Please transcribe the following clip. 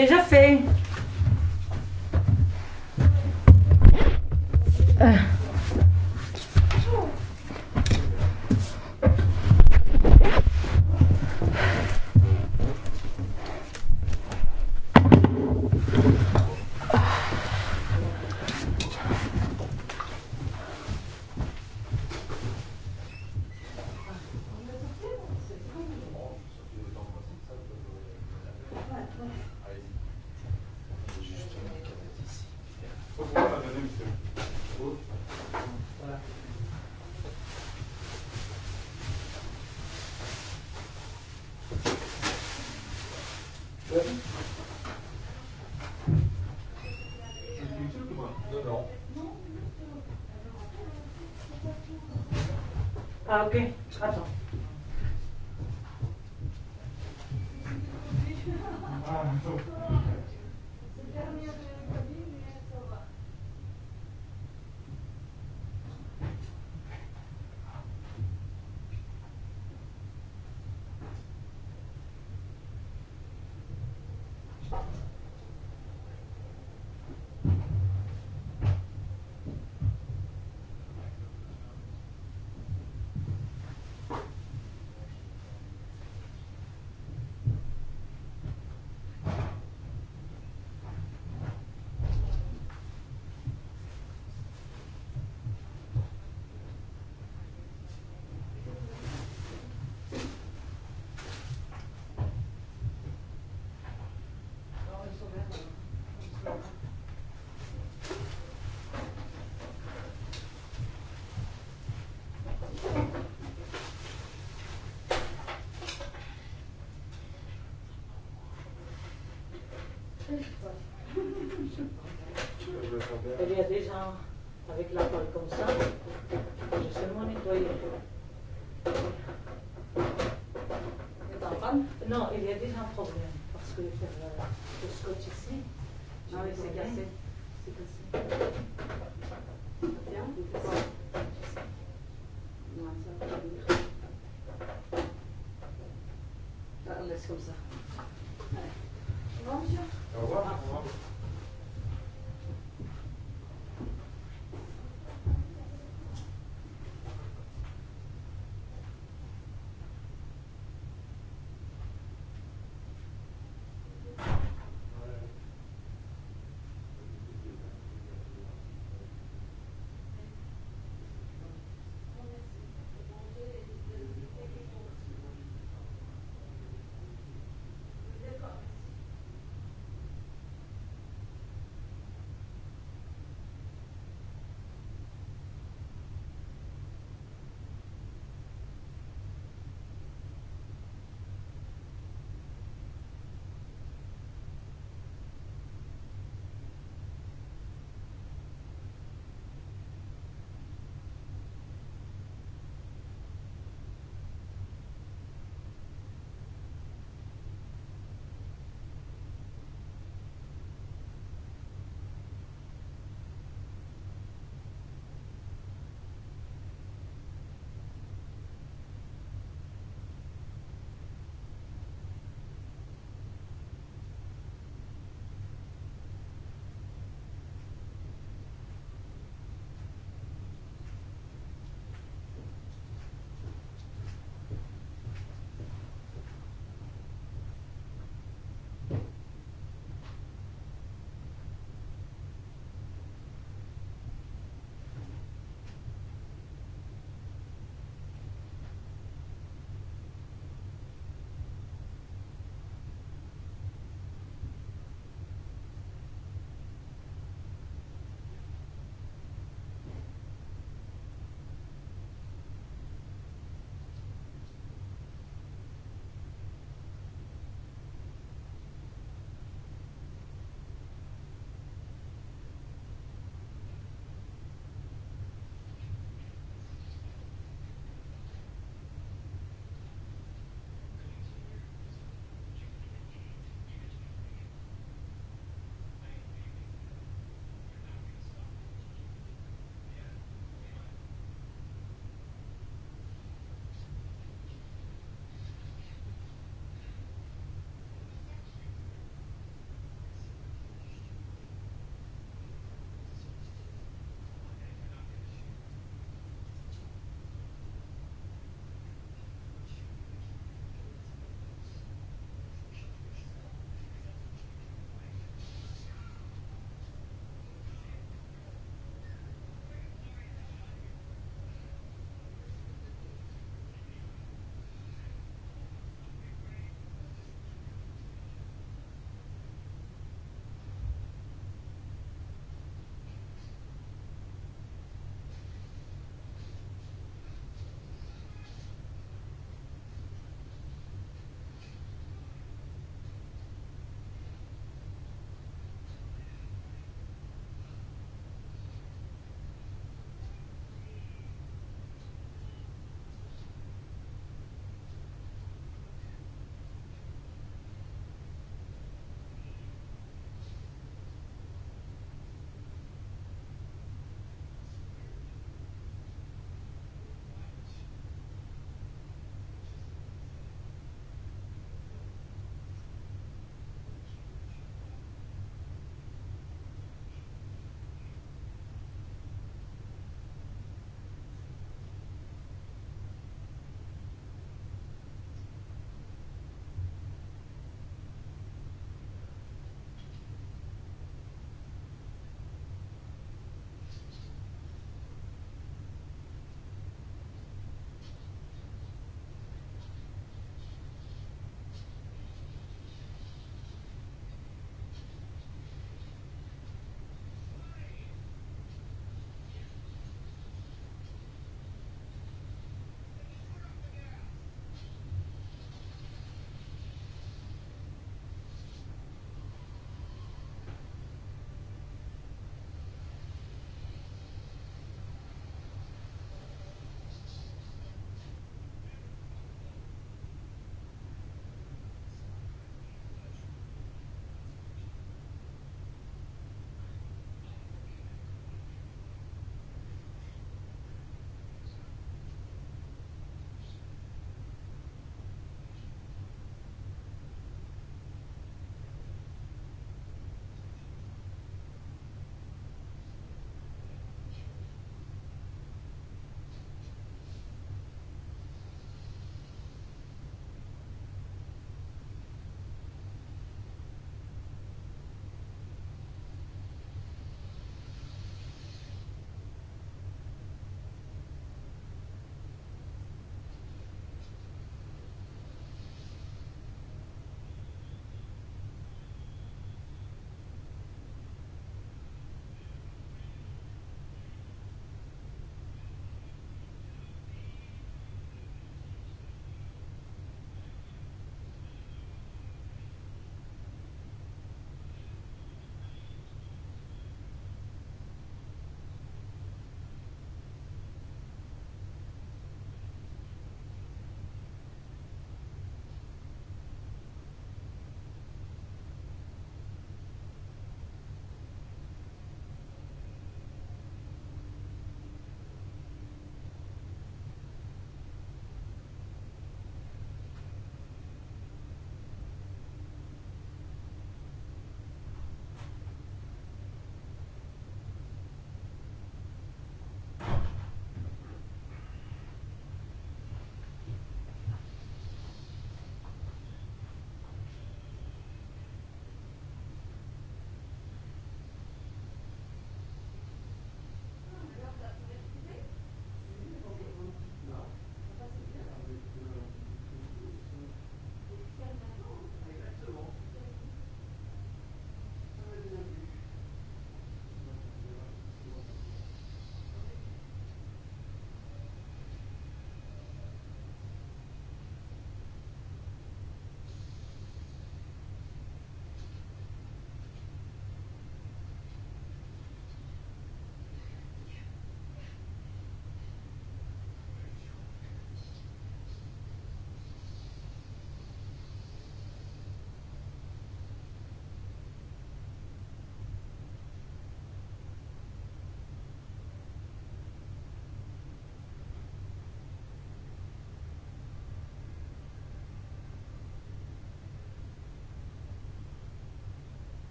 Seja feio. okay Elle est déjà avec la colle comme ça. J'ai seulement nettoyé. Non, il y a déjà un problème parce que faire le scotch ici, non, oui, c'est cassé. C'est cassé. Bien. Non, ça va venir. On laisse comme ça.